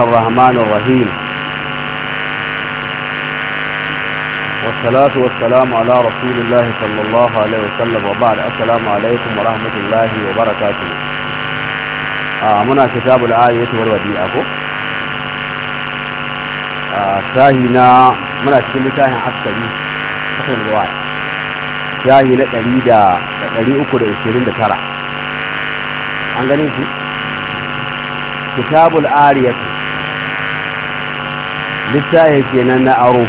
الرحمن الرحيم والصلاة والسلام على رسول الله صلى الله عليه وسلم وبعد السلام عليكم ورحمة الله وبركاته منا كتاب الآية والوديعة شاهنا منا كتاب شاهن عسكري أخير الواحد شاهنة قريدة قريدة أكد عشرين دكرة عن قريدة كتاب الآية littafin kenan na aro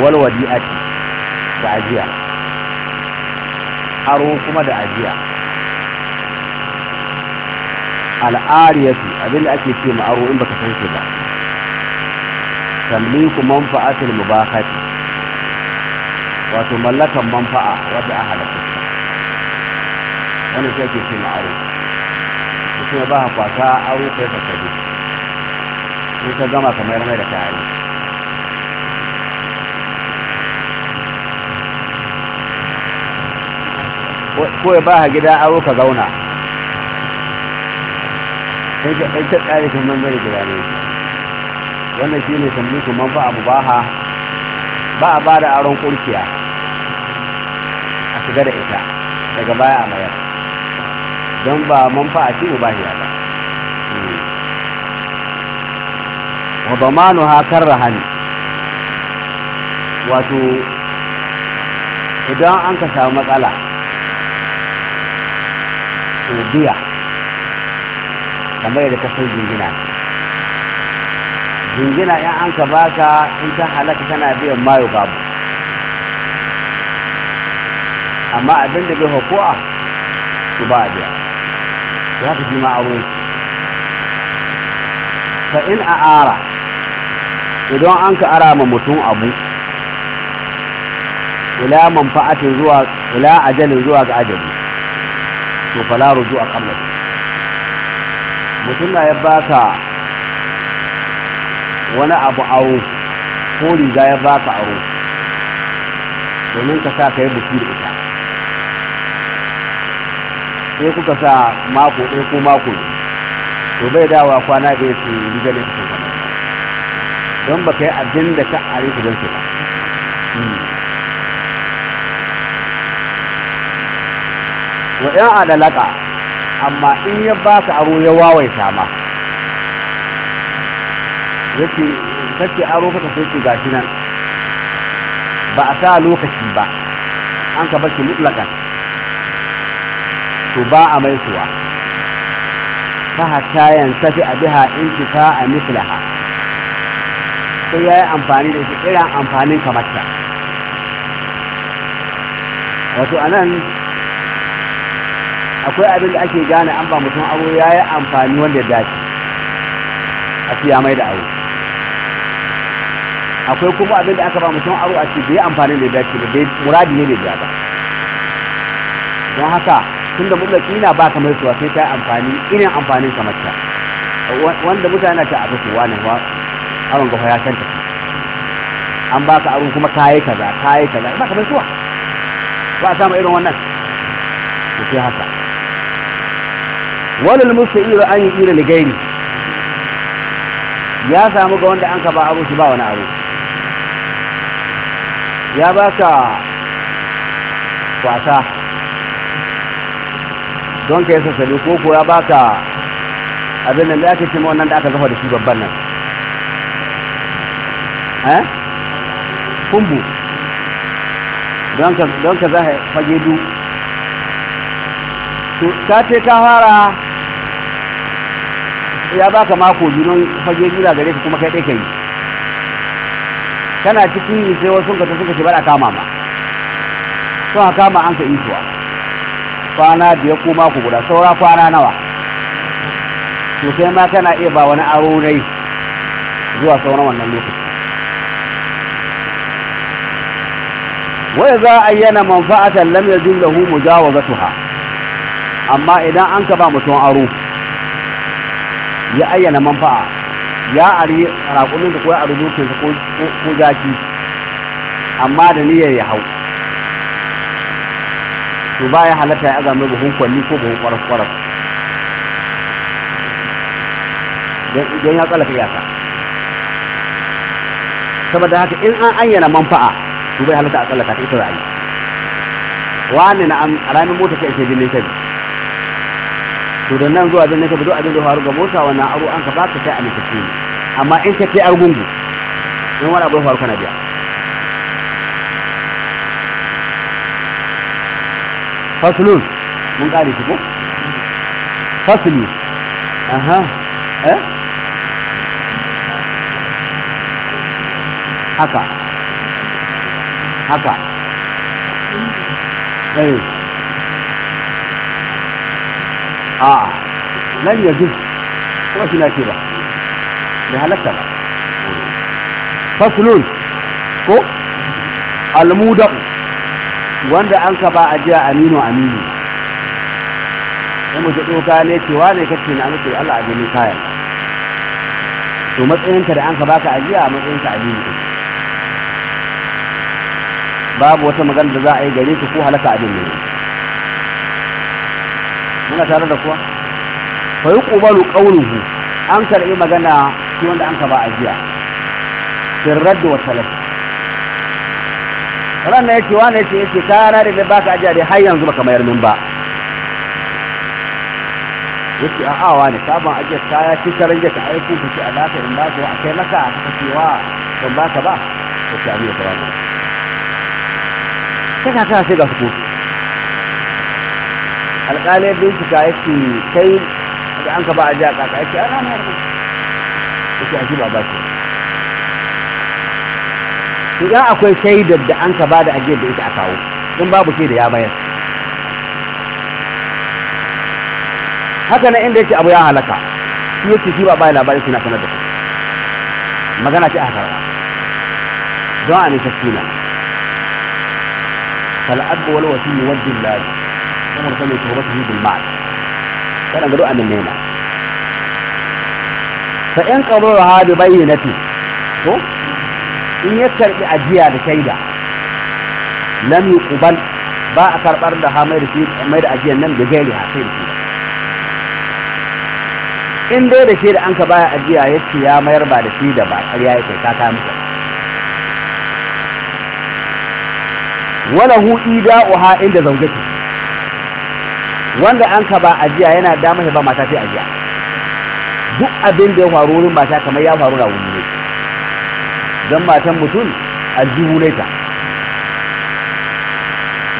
walwadi a da ajiya aro kuma da ajiya al'ariyatu abin da ake ce ma aro in baka san shi ba tamliku manfa'atul mubahati wato mallakan manfa'a wadda a halatta wannan shi ake ce ma aro mutum ya ba ka kwasa aro kai ka kaje in ka gama ka mayar mai da kayan ko ya ba gida aro ka zauna sai ka ɗan cikin kan kuma mai gida ne wannan shi ne tamlikin kuma ba abu ba ha ba a ba da aron kurkiya a shiga da ita daga baya a mayar don ba manfa a ci ba shi ba wa zamanu ha karrahan wato idan an ka samu matsala to biya kamar yadda san jingina jingina in an ka baka in ta halaka tana biyan mayo babu amma abin da bai hukuma su ba a biya ya ka ji ma'aru fa in a ara idan an ka ara ma mutum abu ila manfa'atin zuwa ila ajalin zuwa ga ajali to fala ruju a kamar mutum na ya baka wani abu awo ko riga ya baka aro domin ka sa ka yi buki da ita sai kuka sa mako ɗaya ko mako to bai dawa kwana ya su riga da ita don ba ka yi abin da ka are su don ba hmm. wa ɗan adalaka amma in ya ba ka aro ya wawaita ma yake kake aro kaka sai ce gashi nan ba a sa lokaci ba an ka bashi mutlakan to ba a mai suwa fa hatta yantafi biha intifa a mislaha sai ya yi amfani da shi irin amfanin kamata wato a nan akwai abin da ake gane an ba mutum abu ya yi amfani wanda ya dace a siya mai da abu akwai kuma abin da aka ba mutum abu a ce bai amfani da ya dace da bai muradi ne bai ba don haka tun da mutlaki na ba kamar suwa sai ta yi amfani irin amfanin kamata wanda mutane ta abu su wani aron ga ya canta an ba ka aron kuma kayi kaza kayi ka ba ka bantuwa ba a samu irin wannan to sai haka walil musta'ir an yi ira ligairi ya samu ga wanda an ka ba abu shi ba wani abu ya ba ka kwasa don ka yi sassali ko ko ya ka abin nan da ake cin wannan da aka zafa da shi babban nan eh kumbu don ka za ka fage du to ka ce ka fara ya baka mako biyu don fage du da gare ka kuma kai dai yi. kana cikin yi sai wasu ka ta suka ce bada kama ma sun ha kama an ka isuwa kwana biyar ko mako guda saura kwana nawa to sai ma kana iya ba wani aro zuwa sauran wannan lokaci wai za a yana manfa'atan lam yajin lahu mujawazatuha amma idan an ka ba mutum aro ya ayyana manfa'a ya ari raƙumin da ko a rubutun ko zaki, amma da niyyar ya hau to ba ya halatta ya azami buhun kwalli ko buhun kwaras kwaras don ya tsallaka iyaka saboda haka in an ayyana manfa'a su bai halatta a tsallaka ta ita za a yi wani na an mota ke ake jini kai to da nan zuwa jinin kabi duk abin da faru ga mota wannan aro an ka baka kai a mai tafi amma in ka kai argungu in wani abu faru kana biya fasulun mun kare shi haka ɗaya eh. a ah, nan ya kuma shi ke ba da halatta ba fasulun ko almudan wanda an ka ba a jiya aminu aminu ya mutu ɗoka ne cewa ne kacce na mutu Allah a jini kayan to matsayinka da an ka baka ajiya a matsayinka aminu kacce babu wata magana da za a yi gare ku ko halaka abin ne muna tare da kuwa fa ƙubalu ƙaunuhu an karɓi magana shi wanda an ka ba ajiya da radd wa ran na yake wani yake yace kana da ba ka ajiya dai har yanzu ba mayar min ba yake a awa ne sabon ajiyar kaya ci karin ya ka aiki ku ci alaka in ba ku a kai maka kasa cewa ban ka ba ka ci abin fara ba kana kana sai ga su kotu alƙali ya bincika ya ce kai da an ka ba a ji a kaka ya ce an rana yarda ya ce a ji ba ba ce idan akwai shaidar da an ka ba da ajiyar da ita a kawo in babu da ya bayar haka na inda yake abu ya halaka shi yake shi ba bayan labarin suna sanar da ku magana ce a karɓa don a nisa suna فالأب والوسيم يوجه الله كما يسمي تهمته بالمعنى كان قالوا أن النيمة فإن قبولها ببينته تو إن يكر بأجيها بشيدة لم يقبل ba a karɓar da ha da ajiyar nan da gairi ha sai in dai da shi da an ka baya ajiya ya ce ya mayar ba da shi da ba ƙarya ya kai wala hu ha inda zaujati wanda an ka ba ajiya yana da mai ba mata sai ajiya duk abin da ya faru wurin mata kamar ya faru na wuri ne don matan mutum aljihu ne ta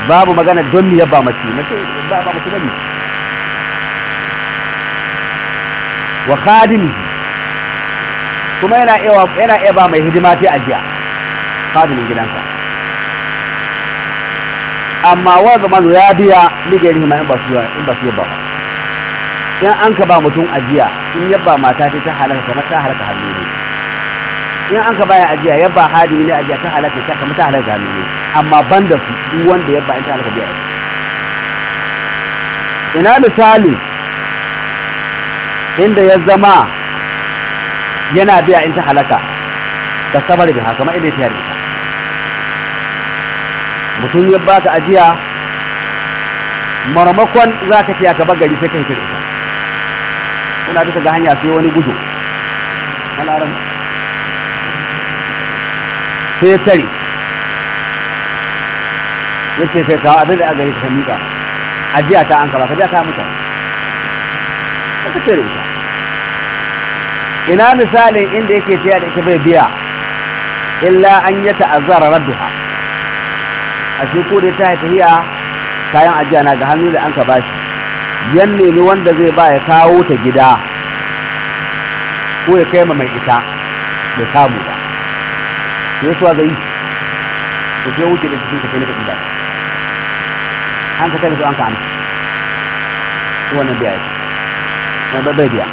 babu magana don ya ba mace mace ba ba mutum ne wa khadim kuma yana iya yana iya ba mai hidima sai ajiya khadimin gidansa amma wa zama ya biya liga rihima in ba su in ba su ba in an ka ba mutum ajiya in yabba mata ce ta halaka kamar ta halaka hannu ne in an ka baya ajiya yabba hadi ne ajiya ta halaka ta kamar ta halaka hannu ne amma ban da su duk wanda yabba in ta halaka biya ina misali inda ya zama yana biya in ta halaka ta sabar da haka ma ina ta yarda mutum ya baka ajiya maramakon za ka tiya gaba gari sai ka kai ita kuna duka ga hanya sai wani gudu malaran sai tare ya ce sai kawo abin da a gari ka miƙa ajiya ta an kaba ka ta mutu ka tare ita ina misalin inda yake tsaye da ita bai biya illa an yi ta'azzara radduha a shi ko dai ta haifi hiya kayan ajiya na ga hannu da an ka bashi yan nemi wanda zai ba ya kawo ta gida ko ya kai ma mai ita bai samu ba sai suwa zai ko sai wuce da cikin ka kai ka inda an ka kai da an ka amsa wannan biya ya wannan babbar biya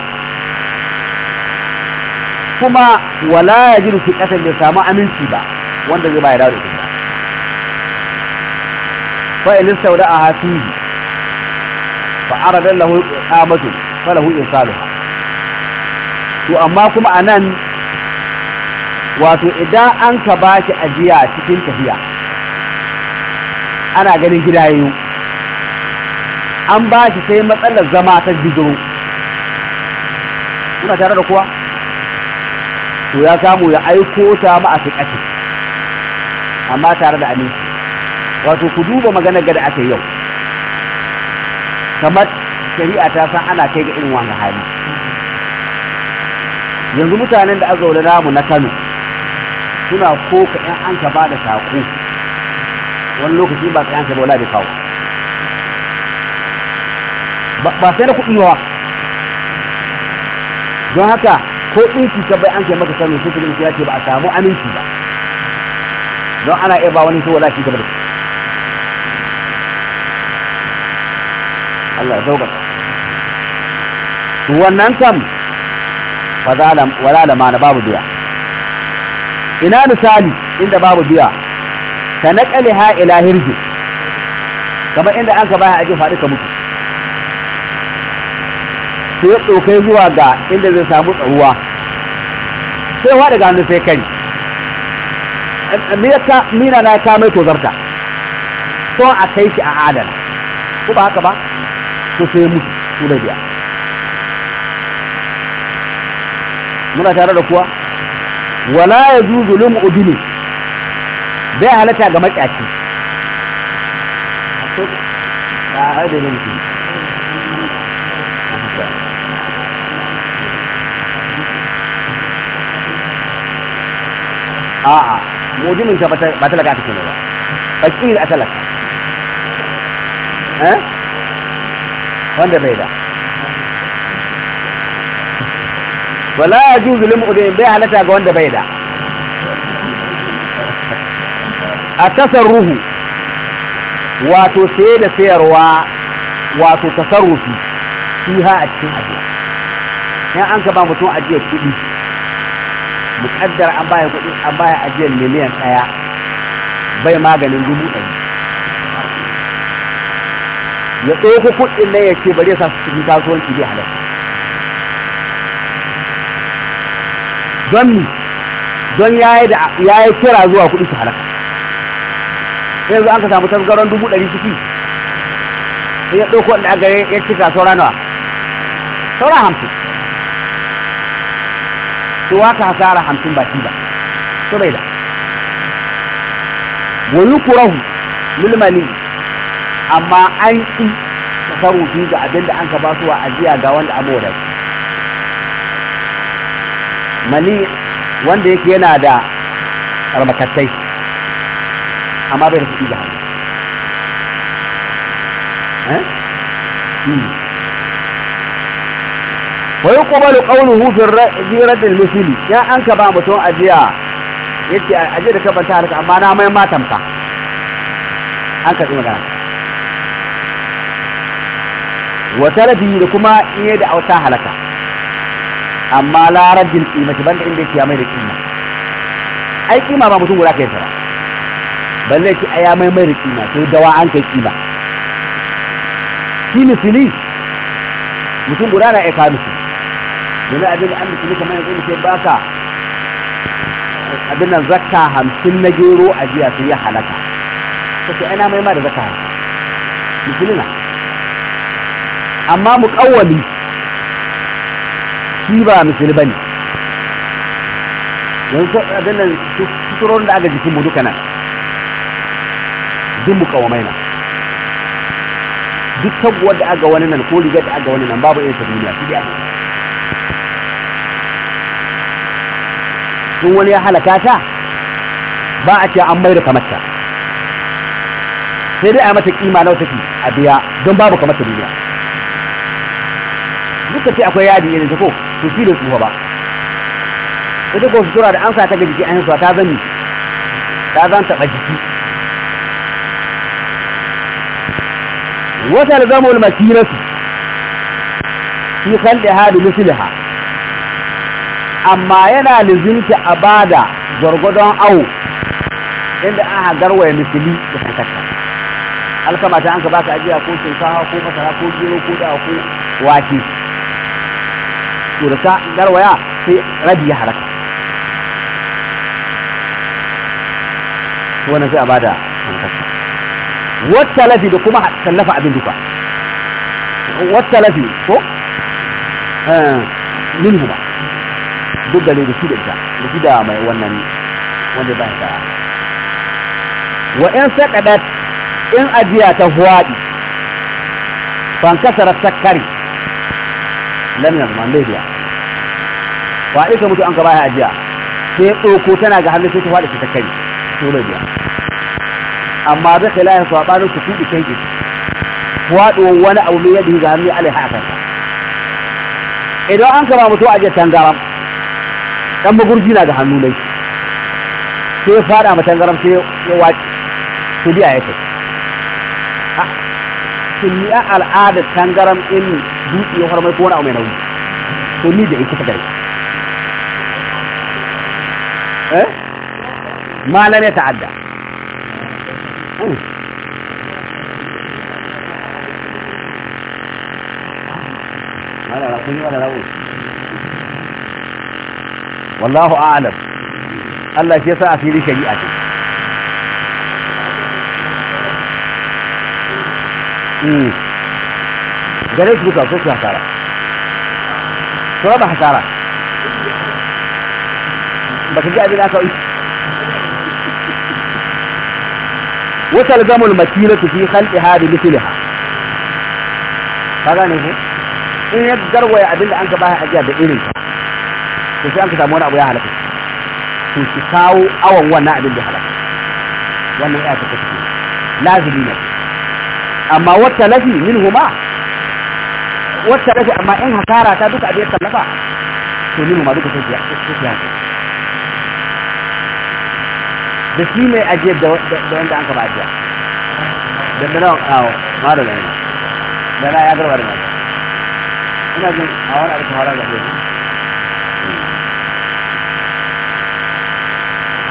kuma wala ya jiru fi kasar bai samu aminci ba wanda zai ba ya dawo da فإن استودعها فيه فأرد له إقامة فله إنصالها to amma kuma a nan wato idan an ka ba shi ajiya cikin tafiya ana ganin gida yiwu an ba shi sai matsalar zama ta bidiro kuna tare da kuwa to ya samu ya aiko ta ma a amma tare da aminci wato ku duba maganar gada aka yau kamar shari'a ta san ana kai ga irin wanga hali yanzu mutanen da zaune namu na kano suna koka yan an ka ba da saƙo wani lokaci ba ka ba wala bai kawo ba sai da kuɗi wa don haka ko ɗinki ka bai an kai maka kano sai ka ya ce ba a samu aminci ba don ana iya ba wani sai wala shi gaba da Allah ya wannan kam wala da mana babu biya ina misali inda babu biya ka naƙali ha ila hirji kamar inda an ka baya aje faɗi ka mutu sai ya zuwa ga inda zai samu tsaruwa sai wa daga hannu sai kai mina na ta kamai tozarta ko a kai shi a adana ko ba haka ba ko sai ya mutu su da biya muna tare da kuwa wala ya zu zulum mu'dini bai halatta ga maƙyaci a haɗe ne mutum a'a mujimin ka ba talaka ta ne ba fakir a talaka eh wanda bai da wala ya ju zulum udin bai halata ga wanda bai da a tasarruhu wato sai da sayarwa wato tasarrufi su ha a cikin ajiya ya an ka ba mutum ajiyar kuɗi muƙaddar an baya kuɗi an baya ajiyar miliyan ɗaya bai maganin dubu ɗari ya ɗauko kudin nan ya ce ba zai sa su cikin kasuwanci zai halar don mi don ya yi kira zuwa kudi su halaka yanzu an ka samu tasgaron dubu ɗari ciki sai ya ɗauko wanda aka ya cika saura nawa saura hamsin to waka hasara hamsin ba shi ba to bai da wani kurahu lulmani amma an ƙi tasarrufi ga abin da an ka ba su wa ajiya ga wanda abu da mani wanda yake yana da almakatai amma bai da kuɗi ga hannu eh? hmm. wa kuma da ƙaunin hufin zirar da misili ya an ka ba mutum ajiya yake ajiya da kabanta harka amma na mai matamta an ka tsina wata rabi da kuma iya da auta halaka amma larabin kimati banda inda yake mai da kima ai kima ba mutum guda kai ba balle ki aya mai mai da kima sai dawa an kai kima ki fili mutum guda na aika musu yanzu abin da an misili kamar yanzu ke baka abin nan zakka hamsin na gero a jiya sai ya halaka kace ana mai ma da zakka hamsin na amma muƙawwali shi ba misali bane yanzu a nan suturorin da aka jikin mu duka nan duk muƙawamai na duk taguwar da aga wani nan ko rigar da aga wani nan babu irin ta duniya shi da sun wani ya halaka ta ba a ce an mai da kamarta sai dai a mata kima na wata a biya don babu kamar ta duniya suka ce akwai yadi irin ta ko to shi da tsufa ba ita ko sutura da an sa ta ga jiki an ta zani ta zan taɓa jiki wata alzamul masiratu fi khalqiha da misliha amma yana lizinta a bada gwargwadon awo inda aka garwaya misili da kankata alkama ta an ka baka ajiya ko shinkafa ko masara ko gero ko da ko wake to ta garwaya sai rabi ya halaka wannan sai a bada hankali wata lafi da kuma tallafa abin duka wata lafi ko min huma duk da ne da shi da ita da shi da mai wannan wanda ba ta wa in sakadat in ajiya ta huwaɗi ban kasara sakari lam yazman bai biya wa aika mutu an ka baya ajiya sai ɗauko tana ga hannu sai ta faɗi ta kai to bai biya amma da khilafa sabanin su tudu kai faɗo wani abu mai yadda ga hannu alai haka idan an ka ba mutu ajiya tangaram dan magurji na ga hannu ne sai faɗa ma tangaram sai ya wace to biya ya kai to ni a al'ada tangaram in dutse ya farmai ko wani abu mai nauyi to ni da in kusa gare eh malam ya ta'adda wallahu a'lam Allah shi yasa asiri shari'a ce جاري في كذا سوسي حسارة سوابح حسارة بس جاء بين أكو إيش وصل جمع المثيلة في خلق هذه مثلها فقاني هو إن يقدر ويعدل أنك باها أجاب بإلي كيفي أنك سامونا أبو ياهلك كيفي ساو أو هو نائب اللي حلك لازم ينسي amma wata lafi min huma wata lafi amma in hasara ta duka abin tallafa to min huma duka sai ya da shi mai ajiye da wanda an ba ajiya da da a kawo ma da yana da na ya garba da mata ina jin a wani abu kawara da ke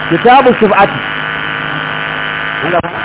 kitabu sub'ati wanda